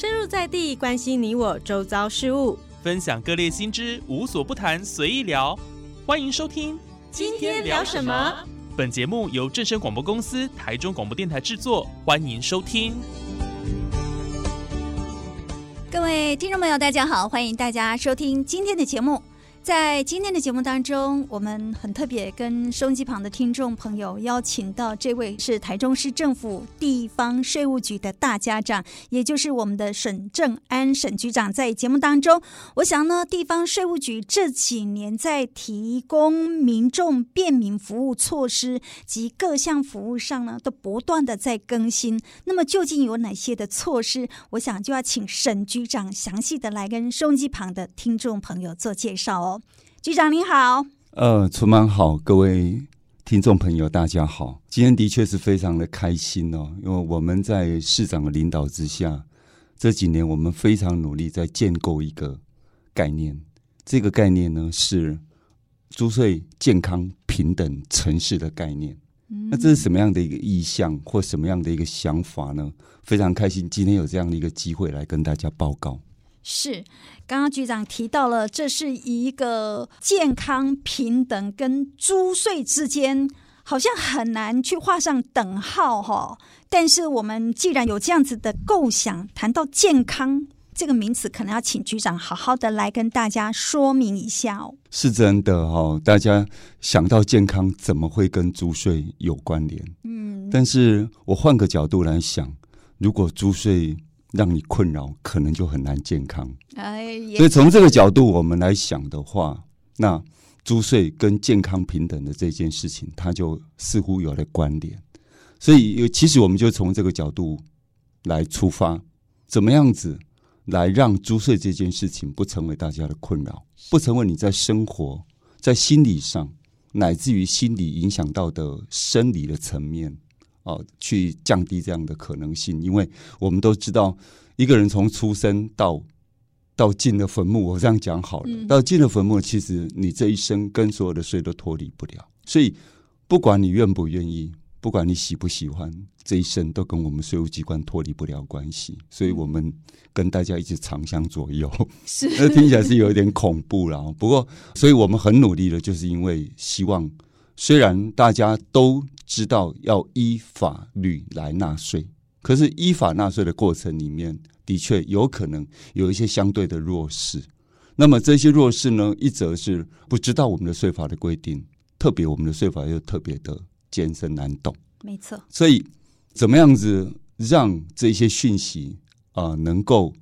深入在地，關心你我周遭事物，分享各類新知，無所不談，隨意聊。歡迎收聽。今天聊什麼？本節目由正聲廣播公司台中廣播電台制作，歡迎收聽。各位聽眾朋友，大家好，歡迎大家收聽今天的節目。在今天的節目當中，我們很特別跟收音機旁的聽眾朋友邀請到這位是台中市政府地方稅務局的大家長，也就是我們的沈政安沈局長。在節目當中，我想呢，地方稅務局這幾年在提供民眾便民服務措施及各項服務上呢，都不斷的在更新。那麼究竟有哪些的措施？我想就要請沈局長詳細的來跟收音機旁的聽眾朋友做介紹哦。局長您好，呃，存滿好，各位聽眾朋友大家好，今天的確是非常的開心哦，因為我們在市長的領導之下，這幾年我們非常努力在建構一個概念，這個概念呢是租稅健康平等城市的概念，嗯、那這是什麼樣的一個意向或什麼樣的一個想法呢？非常開心今天有這樣的一個機會來跟大家報告。是，剛剛局長提到了，這是一個健康平等跟租稅之間好像很難去畫上等號哈、哦。但是我們既然有這樣子的構想，談到健康這個名詞，可能要請局長好好的來跟大家說明一下哦。是真的哈、哦，大家想到健康怎麼會跟租稅有關聯？嗯，但是我換個角度來想，如果租稅讓你困擾，可能就很難健康。哎，所以從這個角度我們來想的話，那租稅跟健康平等的這件事情，它就似乎有了關聯。所以，有其實我們就從這個角度來出發，怎麼樣子來讓租稅這件事情不成為大家的困擾，不成為你在生活、在心理上乃至於心理影響到的生理的層面。哦，去降低這樣的可能性，因為我們都知道，一個人從出生到到進了墳墓，我這樣講好了，嗯、到進了墳墓，其實你這一生跟所有的稅都脫離不了。所以，不管你願不願意，不管你喜不喜歡，這一生都跟我們稅務機關脫離不了關係。所以，我們跟大家一起長相左右，是 那聽起來是有點恐怖了。不過，所以我們很努力的，就是因為希望。雖然大家都知道要依法律來納稅，可是依法納稅的過程裡面，的確有可能有一些相對的弱勢。那麼這些弱勢呢，一則是不知道我們的稅法的規定，特別我們的稅法又特別的艱深難懂。沒錯。所以怎麼樣子讓這些訊息啊、呃，能夠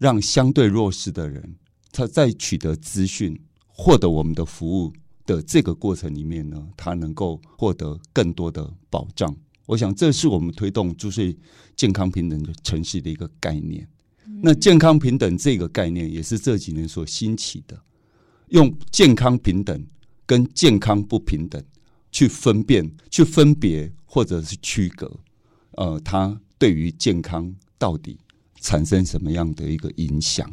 讓相對弱勢的人他在取得資訊、獲得我們的服務，的這個過程裡面呢，它能夠獲得更多的保障。我想，這是我們推動就是健康平等的城市的一個概念。嗯、那健康平等這個概念也是這幾年所興起的，用健康平等跟健康不平等去分辨、去分別或者是區隔，呃，它對於健康到底產生什麼樣的一個影響？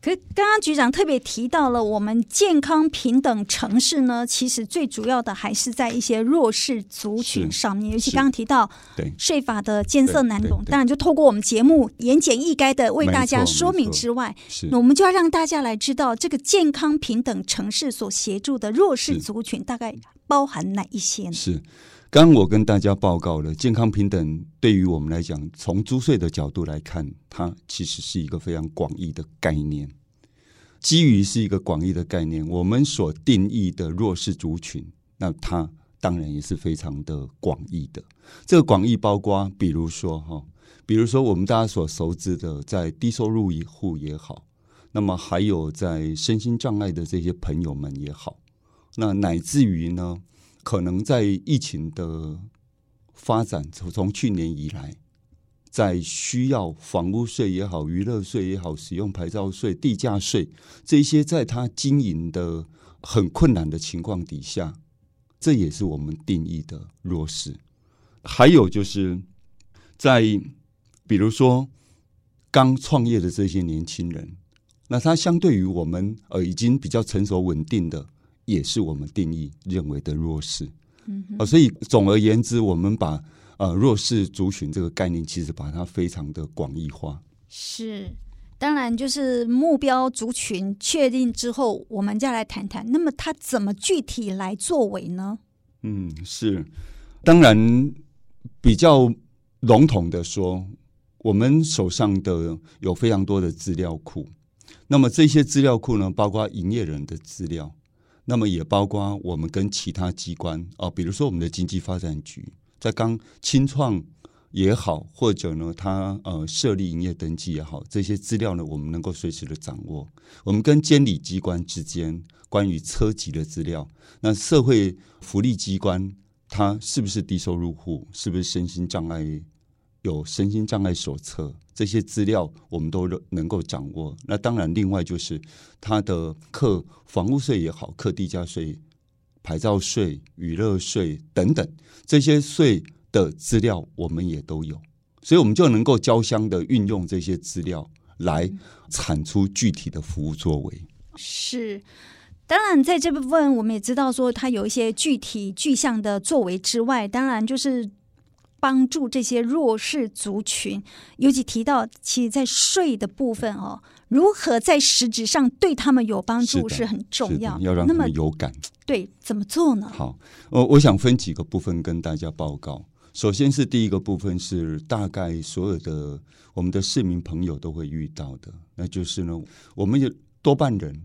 可是，剛剛局長特別提到了我們健康平等城市呢，其實最主要的還是在一些弱勢族群上面。尤其剛剛提到稅法的艱澀難懂，當然就透過我們節目言簡意賅地為大家說明之外，我們就要讓大家來知道這個健康平等城市所協助的弱勢族群大概包含哪一些呢？是。是剛剛我跟大家報告了，健康平等對於我們來講，從租稅的角度來看，它其實是一個非常廣義的概念。基於是一個廣義的概念，我們所定義的弱勢族群，那它當然也是非常的廣義的。這個廣義包括，比如說哈、哦，比如說我們大家所熟知的，在低收入一戶也好，那麼還有在身心障礙的這些朋友們也好，那乃至於呢，可能在疫情的發展，從從去年以來，在需要房屋稅也好，娛樂稅也好，使用牌照稅、地價稅這一些，在他經營的很困難的情況底下，這也是我們定義的弱勢。還有就是，在比如說剛創業的這些年輕人，那他相對於我們呃已經比較成熟穩定的。也是我們定義認為的弱勢，嗯啊哼、哦，所以總而言之，我們把呃弱勢族群這個概念，其實把它非常的廣義化。是，當然就是目標族群確定之後，我們再來談談，那麼它怎麼具體來作為呢？嗯，是，當然比較籠統的說，我們手上的有非常多的資料庫，那麼這些資料庫呢，包括營業人的資料。那麼也包括我們跟其他機關哦，比如說我們的經濟發展局，在剛清創也好，或者呢他呃設立營業登記也好，這些資料呢，我們能夠隨時的掌握。我們跟監理機關之間關於車籍的資料，那社會福利機關，他是不是低收入戶？是不是身心障礙？有身心障礙手冊這些資料，我們都能夠掌握。那當然，另外就是他的課房屋稅也好，課地價稅、牌照稅、娛樂稅等等這些稅的資料，我們也都有，所以我們就能夠交相的運用這些資料來產出具體的服務作為。是，當然在這部分我們也知道說，它有一些具體、具象的作為之外，當然就是。幫助這些弱勢族群，尤其提到其實在稅的部分哦，如何在實質上對他們有幫助是很重要，要讓他們有感。對，怎麼做呢？好，我我想分幾個部分跟大家報告。首先是第一個部分是大概所有的我們的市民朋友都會遇到的，那就是呢，我們有多半人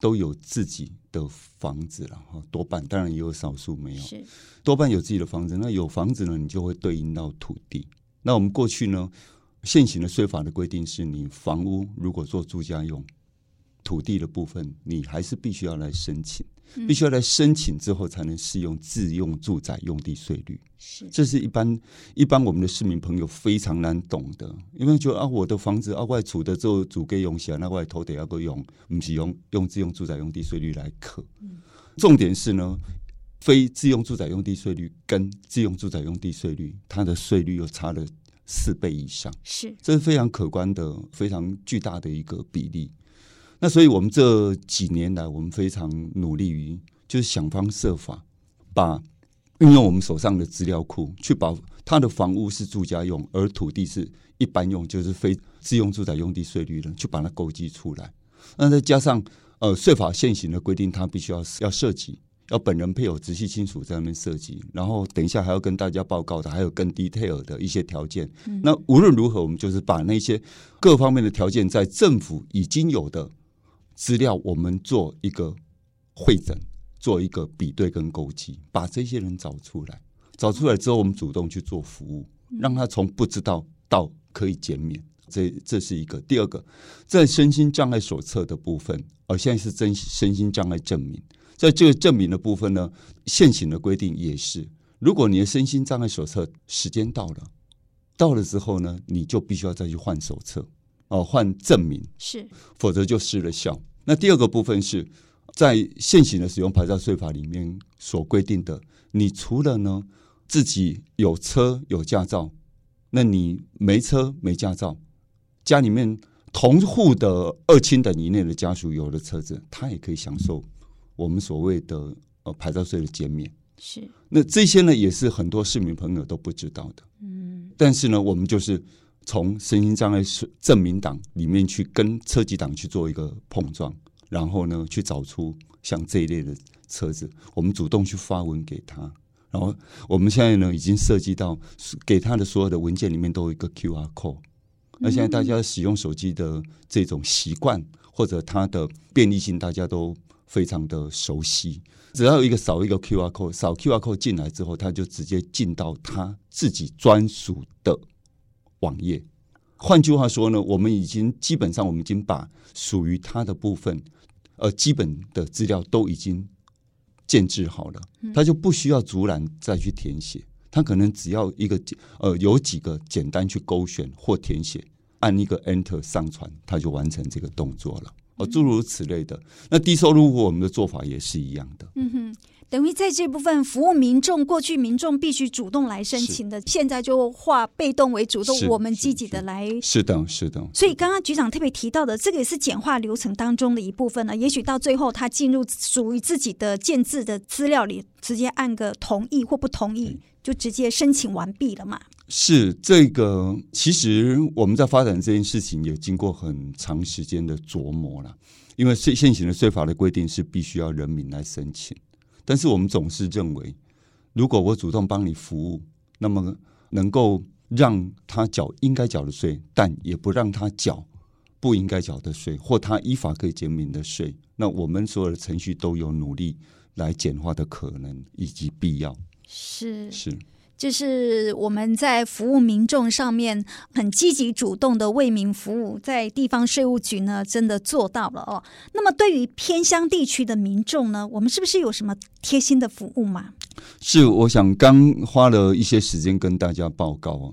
都有自己，的房子，了多半當然也有少數沒有，是多半有自己的房子。那有房子呢，你就會對應到土地。那我們過去呢，現行的稅法的規定是，你房屋如果做住家用，土地的部分你還是必須要來申請。必須要在申請之後才能適用自用住宅用地稅率，是，這是一般一般我們的市民朋友非常難懂的，因為覺得啊我的房子啊外儲的之後租給用下，那外頭得要夠用，不是用用，用自用住宅用地稅率來課。重點是呢，非自用住宅用地稅率跟自用住宅用地稅率，它的稅率又差了四倍以上，是，這是非常可觀的、非常巨大的一個比例。那所以我們這幾年來，我們非常努力於，就是想方設法把運用我們手上的資料庫，去把它的房屋是住家用，而土地是一般用，就是非自用住宅用地稅率的，去把它勾稽出來。那再加上呃稅法現行的規定，它必須要要設籍，要本人、配偶、直系親屬在那邊設籍。然後等一下還要跟大家報告的，還有更 detail 的一些條件。嗯，那無論如何，我們就是把那些各方面的條件，在政府已經有的。資料我們做一個會診，做一個比對跟勾稽，把這些人找出來。找出來之後，我們主動去做服務，讓他從不知道到可以減免。這這是一個。第二個，在身心障礙手冊的部分，而、哦、現在是身身心障礙證明。在這個證明的部分呢，現行的規定也是，如果你的身心障礙手冊時間到了，到了之後呢，你就必須要再去換手冊。哦，換、呃、證明是，否則就失了效。那第二個部分是在現行的使用牌照稅法裡面所規定的，你除了呢自己有車有駕照，那你沒車沒駕照，家裡面同戶的二親等以內的家屬有的車子，他也可以享受我們所謂的呃牌照稅的減免。是，那這些呢也是很多市民朋友都不知道的。嗯，但是呢，我們就是。從身心障礙證明檔裡面去跟車籍檔去做一個碰撞，然後呢，去找出像這一類的車子，我們主動去發文給他。然後我們現在呢，已經設計到給他的所有的文件裡面都有一個 Q R code，嗯。那現在大家使用手機的這種習慣或者它的便利性，大家都非常的熟悉。只要有一個掃一個 Q R code，掃 Q R code 進來之後，他就直接進到他自己專屬的。網頁，換句話說呢，我們已經基本上，我們已經把屬於它的部分，呃，基本的資料都已經建置好了，嗯、它就不需要逐欄再去填寫，它可能只要一個呃有幾個簡單去勾選或填寫，按一個 Enter 上傳，它就完成這個動作了，呃、諸如此類的。那低收入戶我們的做法也是一樣的。嗯哼。等於在這部分服務民眾，過去民眾必須主動來申請的，現在就化被動為主動，我們積極的來。是的，是的。所以剛剛局長特別提到的，這個也是簡化流程當中的一部分呢。也許到最後，他進入屬於自己的建制的資料裡，直接按個同意或不同意，就直接申請完畢了嘛？是這個，其實我們在發展這件事情有經過很長時間的琢磨了，因為現現行的稅法的規定是必須要人民來申請。但是我們總是認為，如果我主動幫你服務，那麼能夠讓他繳應該繳的稅，但也不讓他繳不應該繳的稅，或他依法可以減免的稅，那我們所有的程序，都有努力來簡化的可能以及必要。是是。是就是我們在服務民眾上面很積極主動的為民服務，在地方稅務局呢，真的做到了哦。那麼對於偏鄉地區的民眾呢，我們是不是有什麼貼心的服務嘛？是，我想剛花了一些時間跟大家報告啊，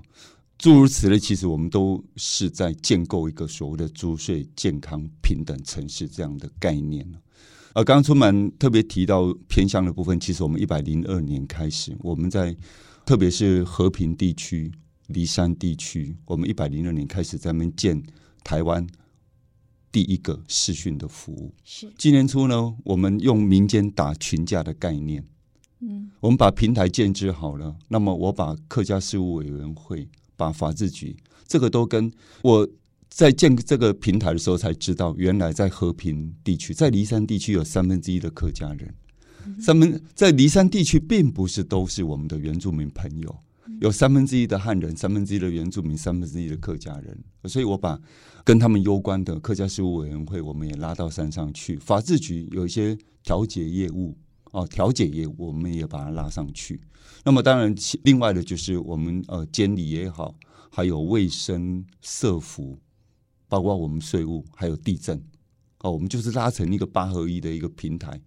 諸如此類，其實我們都是在建構一個所謂的“租稅健康平等城市”這樣的概念而啊,啊，剛剛春滿特別提到偏鄉的部分，其實我們一百零二年開始，我們在。特別是和平地區、梨山地區，我們一百零六年開始在那邊建台灣第一個視訊的服務。是今年初呢，我們用民間打群架的概念，嗯，我們把平台建置好了。那麼，我把客家事務委員會、把法制局，這個都跟我在建這個平台的時候才知道，原來在和平地區、在梨山地區有三分之一的客家人。三分在梨山地區，並不是都是我們的原住民朋友，有三分之一的漢人，三分之一的原住民，三分之一的客家人。所以我把跟他們攸關的客家事務委員會，我們也拉到山上去。法制局有一些調解業務哦，調解業務我們也把它拉上去。那麼當然，其另外的就是我們呃，監理也好，還有衛生、社福，包括我們稅務，還有地震，哦，我們就是拉成一個八合一的一個平台。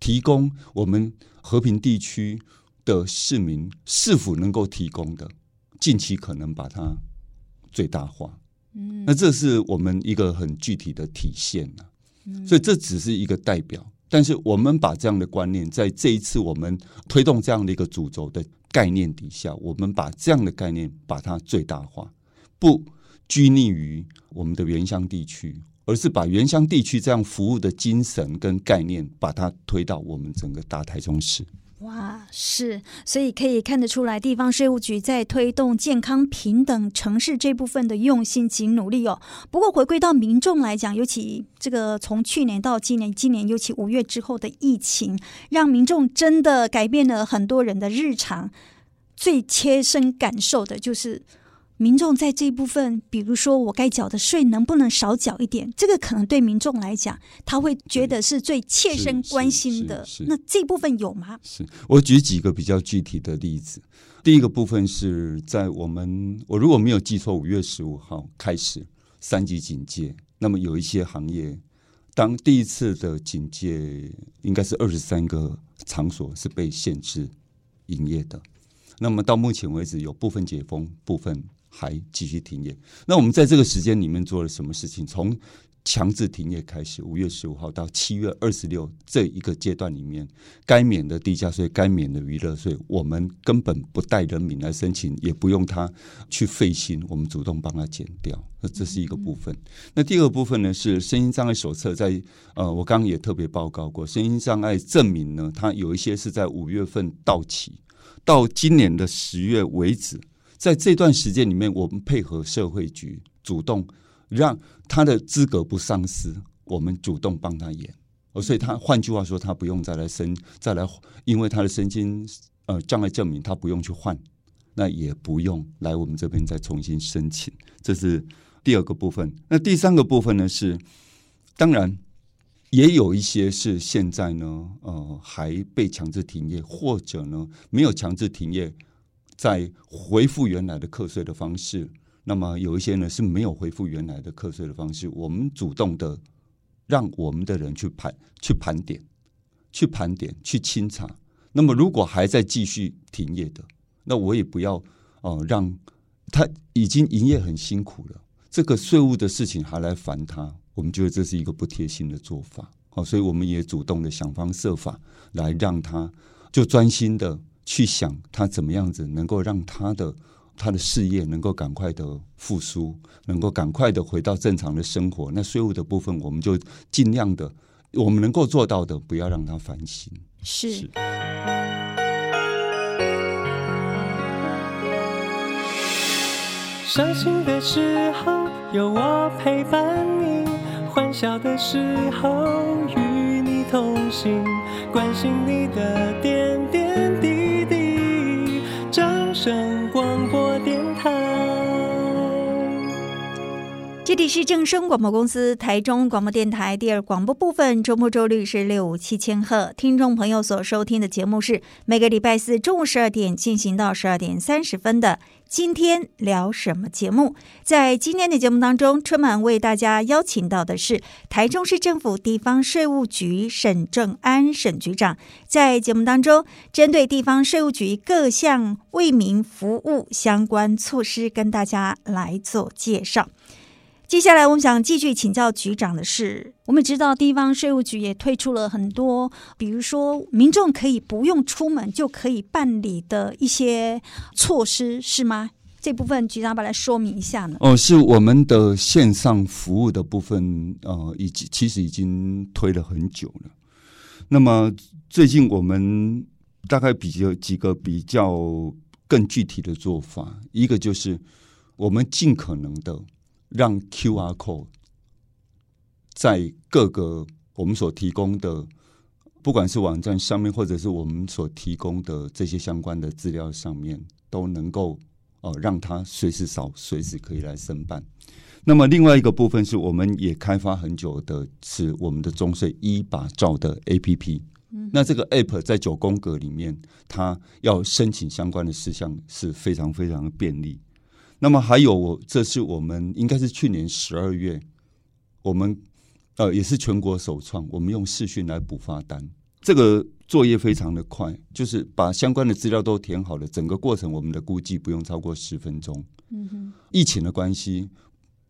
提供我們和平地區的市民是否能夠提供的，近期可能把它最大化。嗯，那這是我們一個很具體的體現啊。嗯，所以這只是一個代表，但是我們把這樣的觀念，在這一次我們推動這樣的一個主軸的概念底下，我們把這樣的概念把它最大化，不拘泥於我們的原鄉地區。而是把原鄉地區這樣服務的精神跟概念，把它推到我們整個大台中市。哇，是，所以可以看得出來，地方稅務局在推動健康平等城市這部分的用心及努力哦。不過，回歸到民眾來講，尤其這個從去年到今年，今年尤其五月之後的疫情，讓民眾真的改變了很多人的日常。最切身感受的就是。民眾在這一部分，比如說，我該繳的稅能不能少繳一點？這個可能對民眾來講，他會覺得是最切身關心的。是。那這部分有嗎？是，我舉幾個比較具體的例子。第一個部分是在我們我如果沒有記錯，五月十五號開始三級警戒，那麼有一些行業，當第一次的警戒應該是二十三個場所是被限制營業的。那麼到目前為止，有部分解封，部分，還繼續停業。那我們在這個時間裡面做了什麼事情？從強制停業開始，五月十五號到七月二十六這一個階段裡面，該免的地價稅、該免的娛樂稅，我們根本不帶人民來申請，也不用他去費心，我們主動幫他減掉。那這是一個部分。嗯。那第二個部分呢，是身心障礙手冊，在呃，我剛剛也特別報告過，身心障礙證明呢，它有一些是在五月份到期，到今年的十月為止。在這段時間裡面，我們配合社會局主動讓他的資格不喪失，我們主動幫他演，哦，所以他換句話說，他不用再來申，再來因為他的身心呃障礙證明，他不用去換，那也不用來我們這邊再重新申請。這是第二個部分。那第三個部分呢是，當然也有一些是現在呢呃還被強制停業，或者呢沒有強制停業。在恢復原來的課稅的方式，那麼有一些呢是沒有恢復原來的課稅的方式。我們主動的，讓我們的人去盤、去盤點、去盤點、去清查。那麼如果還在繼續停業的，那我也不要哦、呃，讓他已經營業很辛苦了，這個稅務的事情還來煩他。我們覺得這是一個不貼心的做法啊、哦，所以我們也主動的想方設法來讓他就專心的。去想他怎麼樣子能夠讓他的他的事業能夠趕快的復甦，能夠趕快的回到正常的生活。那稅務的部分，我們就盡量的，我們能夠做到的，不要讓他煩心。是。傷心是的時候有我陪伴你，歡笑的時候與你同行，關心你的點。正聲廣播電台，這裡是正聲廣播公司台中廣播電台第二廣播部分，週末週率是六五七千赫。聽眾朋友所收聽的節目是每個禮拜四中午十二點進行到十二點三十分的。今天聊什麼節目？在今天的節目當中，春滿為大家邀請到的是台中市政府地方稅務局沈政安沈局長，在節目當中，針對地方稅務局各項為民服務相關措施，跟大家來做介紹。接下來我們想繼續請教局長的是，我們知道地方稅務局也推出了很多，比如說民眾可以不用出門就可以辦理的一些措施，是嗎？這部分局長把它說明一下呢。哦，是我們的線上服務的部分，呃，已經其實已經推了很久了。那麼最近我們大概比較幾個比較更具體的做法，一個就是我們儘可能的。讓 QR Code 在各個我們所提供的，不管是網站上面，或者是我們所提供的這些相關的資料上面，都能夠哦、呃、讓它隨時掃，隨時可以來申辦。嗯、那麼另外一個部分是我們也開發很久的，是我們的中稅一把照的 APP。嗯，那這個 APP 在九宮格裡面，它要申請相關的事項是非常非常便利。那麼還有我，我這是我們應該是去年十二月，我們呃也是全國首創，我們用視訊來補發單，這個作業非常的快，就是把相關的資料都填好了，整個過程我們的估計不用超過十分鐘。嗯哼，疫情的關係，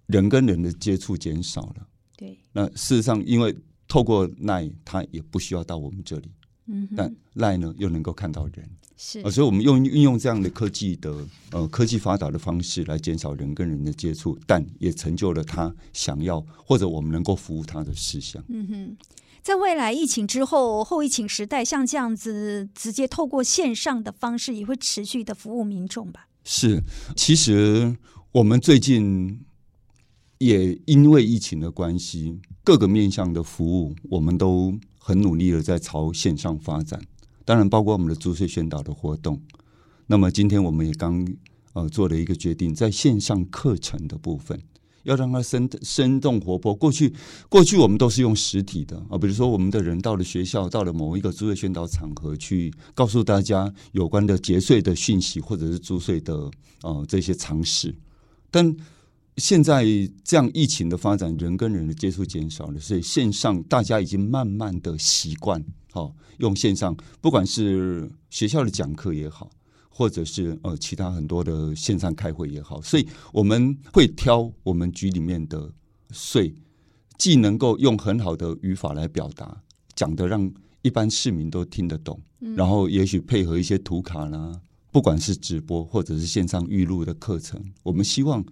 人跟人的接觸減少了，對，那事實上因為透過奈，他也不需要到我們這裡。嗯，但賴呢又能夠看到人。是。呃、所以，我們用運用這樣的科技的呃科技發達的方式來減少人跟人的接觸，但也成就了他想要或者我們能夠服務他的事項。嗯哼，在未來疫情之後，後疫情時代，像這樣子直接透過線上的方式，也會持續的服務民眾吧？是，其實我們最近也因為疫情的關係，各個面向的服務，我們都。很努力的在朝線上發展，當然包括我們的租稅宣導的活動。那麼今天我們也剛呃做了一個決定，在線上課程的部分，要讓它生生動活潑。過去過去我們都是用實體的啊、呃，比如說我們的人到了學校，到了某一個租稅宣導場合，去告訴大家有關的節稅的訊息，或者是租稅的呃這些常識，但。現在這樣疫情的發展，人跟人的接觸減少了，所以線上大家已經慢慢的習慣，哦，用線上，不管是學校的講課也好，或者是呃其他很多的線上開會也好，所以我們會挑我們局裡面的稅，既能夠用很好的語法來表達，講得讓一般市民都聽得懂，然後也許配合一些圖卡啦，不管是直播或者是線上預錄的課程，我們希望。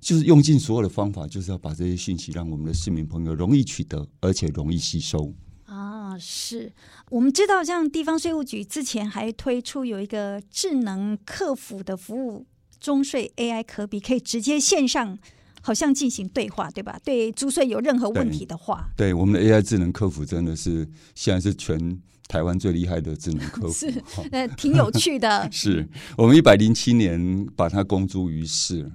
就是用盡所有的方法，就是要把這些信息，讓我們的市民朋友容易取得，而且容易吸收啊！是我們知道，像地方稅務局之前還推出有一個智能客服的服務，中稅 AI 可比，可以直接線上，好像進行對話，對吧？對，租稅有任何問題的話，對，對我們的 AI 智能客服真的是，現在是全台灣最厲害的智能客服，是呃，挺有趣的。 是我們一百零七年把它公諸於世。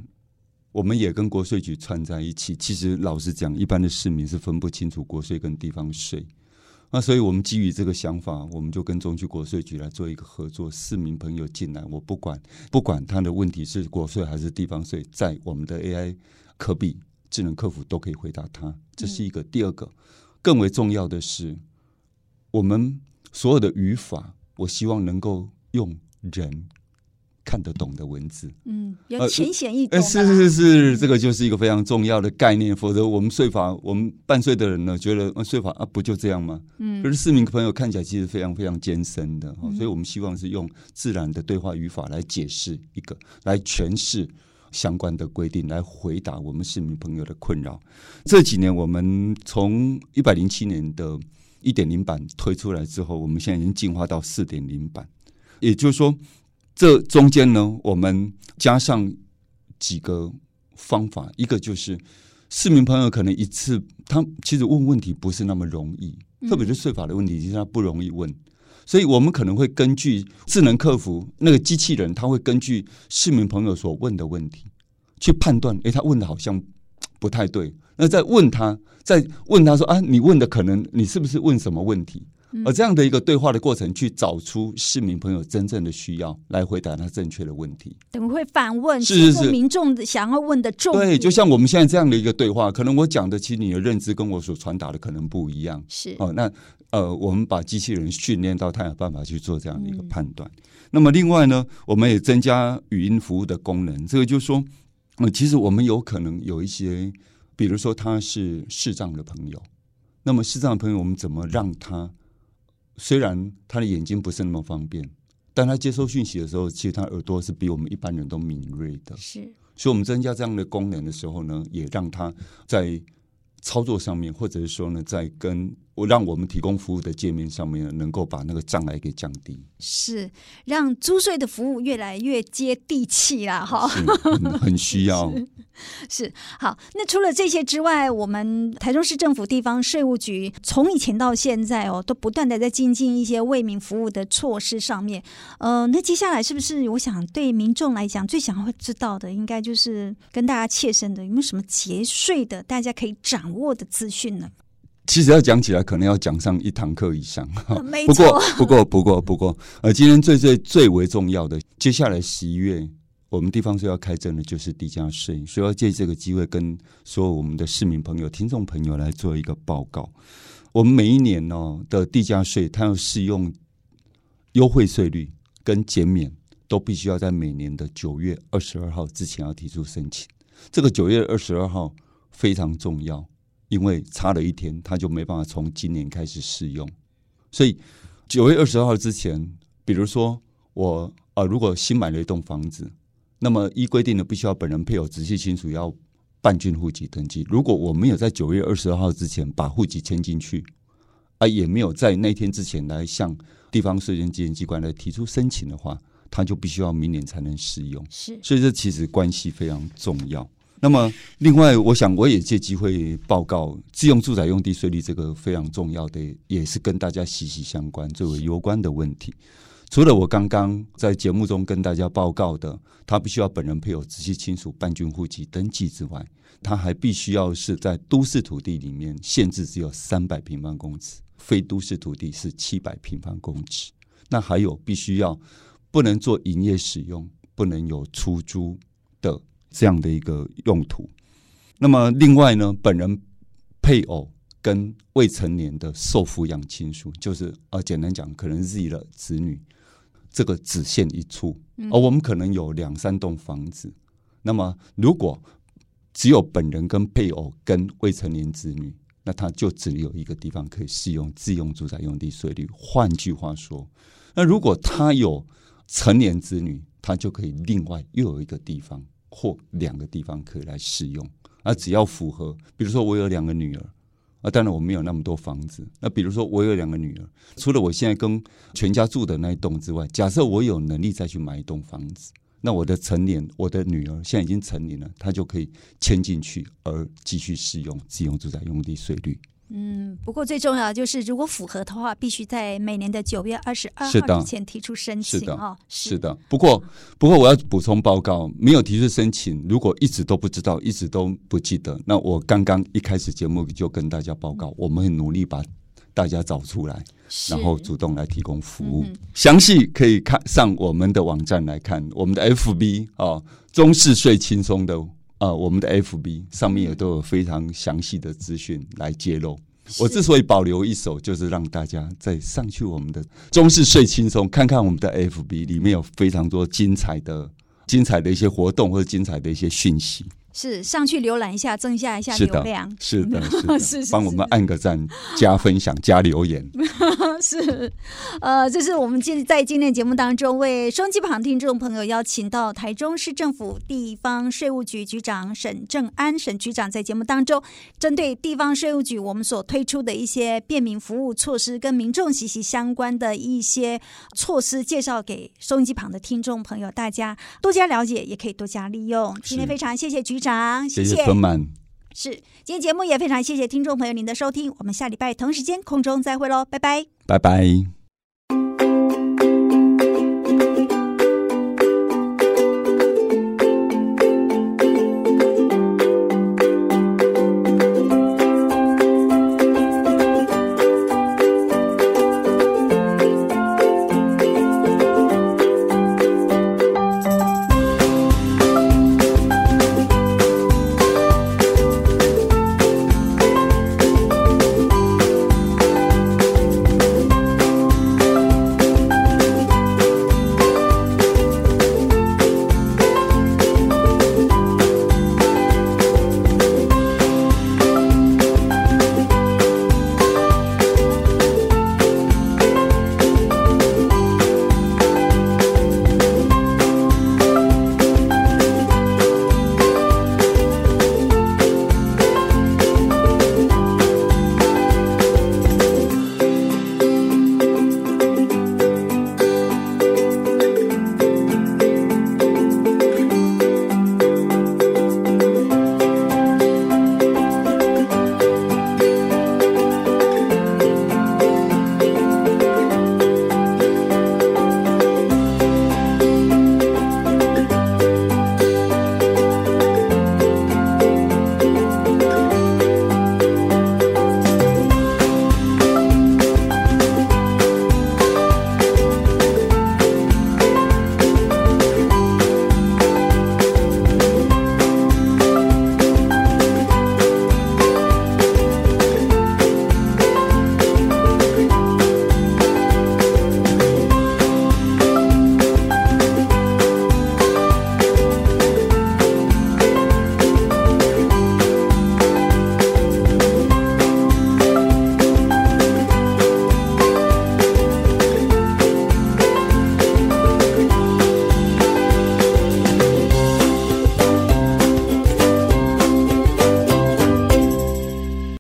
我們也跟國稅局串在一起。其實老實講，一般的市民是分不清楚國稅跟地方稅。那所以我們基於這個想法，我們就跟中區國稅局來做一個合作。市民朋友進來，我不管，不管他的問題是國稅還是地方稅，在我們的 AI 客服、智能客服都可以回答他。這是一個，嗯、第二個，更為重要的是，我們所有的語法，我希望能夠用人看得懂的文字，嗯，有淺顯易懂、呃欸。是是是，這個就是一個非常重要的概念，嗯、否則我們稅法，我們辦稅的人呢，覺得、呃、啊稅法啊不就這樣嗎？嗯，可是市民朋友看起來其實非常非常艱深的、哦，所以我們希望是用自然的對話語法來解釋一個，嗯、來詮釋相關的規定，來回答我們市民朋友的困擾。這幾年，我們從一百零七年的一點零版推出來之後，我們現在已經進化到四點零版，也就是說。這中間呢，我們加上幾個方法，一個就是市民朋友可能一次他其實問問題不是那麼容易，特別是稅法的問題，其實他不容易問，所以我們可能會根據智能客服那個機器人，他會根據市民朋友所問的問題去判斷，誒，他問的好像不太對，那再問他，再問他說啊，你問的可能你是不是問什麼問題？而這樣的一個對話的過程，去找出市民朋友真正的需要，來回答他正確的問題。等、嗯、會反問是不是，民眾想要問的重點是是是對，就像我們現在這樣的一個對話，可能我講的其實你的認知跟我所傳達的可能不一樣。是哦，那呃，我們把機器人訓練到它有辦法去做這樣的一個判斷。嗯、那麼另外呢，我們也增加語音服務的功能。這個就是說，那、呃、其實我們有可能有一些，比如說他是視障的朋友，那麼視障的朋友，我們怎麼讓他？雖然他的眼睛不是那麼方便，但他接收訊息的時候，其實他耳朵是比我們一般人都敏銳的。是，所以我們增加這樣的功能的時候呢，也讓他在操作上面，或者是說呢，在跟。我讓我們提供服務的界面上面，能夠把那個障礙給降低是，是讓租稅的服務越來越接地氣啦，哈，很需要 是。是好，那除了這些之外，我們台中市政府地方稅務局從以前到現在哦，都不斷地在進行一些為民服務的措施上面。呃，那接下來是不是我想對民眾來講最想要知道的，應該就是跟大家切身的有沒有什麼節稅的大家可以掌握的資訊呢？其實要講起來，可能要講上一堂課以上。沒錯，不過不過不過不過，而、呃、今天最最最為重要的，接下來十一月，我們地方稅要開徵的，就是地價稅，所以要借這個機會跟所有我們的市民朋友、聽眾朋友來做一個報告。我們每一年呢的地價稅，它要適用優惠稅率跟減免，都必須要在每年的九月二十二號之前要提出申請。這個九月二十二號非常重要。因為差了一天，他就沒辦法從今年開始適用。所以九月二十二號之前，比如說我呃如果新買了一棟房子，那麼依規定的必須要本人、配偶、直系親屬要辦進戶籍登記。如果我沒有在九月二十二號之前把戶籍遷進去，啊、呃，也沒有在那天之前來向地方稅捐機關來提出申請的話，他就必須要明年才能適用。是，所以這其實關係非常重要。那麼，另外，我想我也借機會報告自用住宅用地稅率這個非常重要的，也是跟大家息息相關最為攸關的問題。除了我剛剛在節目中跟大家報告的，他必須要本人、配偶、直系親屬辦竣戶籍登記之外，他還必須要是在都市土地裡面限制只有三百平方公尺，非都市土地是七百平方公尺。那還有必須要不能做營業使用，不能有出租的。這樣的一個用途。那麼另外呢，本人、配偶跟未成年的受撫養親屬，就是呃、啊，簡單講，可能自己的子女，這個只限一處。嗯、而我們可能有兩三棟房子。那麼如果只有本人跟配偶跟未成年子女，那他就只有一個地方可以適用自用住宅用地稅率。換句話說，那如果他有成年子女，他就可以另外又有一個地方，或兩個地方可以來適用，啊，只要符合，比如說我有兩個女兒，啊，當然我沒有那麼多房子，那比如說我有兩個女兒，除了我現在跟全家住的那一棟之外，假設我有能力再去買一棟房子，那我的成年，我的女兒現在已經成年了，她就可以遷進去，而繼續適用自用住宅用地稅率。嗯，不過最重要的就是，如果符合的話，必須在每年的九月二十二號之前提出申請。是的，是的哦，是，是的。不過，不過我要補充報告，沒有提出申請，如果一直都不知道，一直都不記得，那我剛剛一開始節目就跟大家報告，嗯、我們很努力把大家找出來，是然後主動來提供服務。嗯、哼詳細可以看上我們的網站來看，我們的 FB 啊、哦，中式最輕鬆的。啊、呃，我們的 F B 上面也都有非常詳細的資訊來揭露。我之所以保留一手，就是讓大家再上去我們的中式睡輕鬆，看看我們的 F B 裡面有非常多精彩的、精彩的一些活動或者精彩的一些訊息。是，上去瀏覽一下，增加一下，一下的流量，是。是的，是是，是，是幫我們按個讚，是是是加分享，的加留言。 是，呃，這是我們今在今天節目當中為收音機旁聽眾朋友邀請到台中市政府地方稅務局局長沈政安沈局長，在節目當中針對地方稅務局我們所推出的一些便民服務措施，跟民眾息息相關的一些措施，介紹給收音機旁的聽眾朋友，大家多加了解，也可以多加利用。是今天非常謝謝局長。謝謝豐滿，謝謝。是今天節目也非常謝謝聽眾朋友您的收聽，我們下禮拜同時間空中再會嘍，拜拜，拜拜。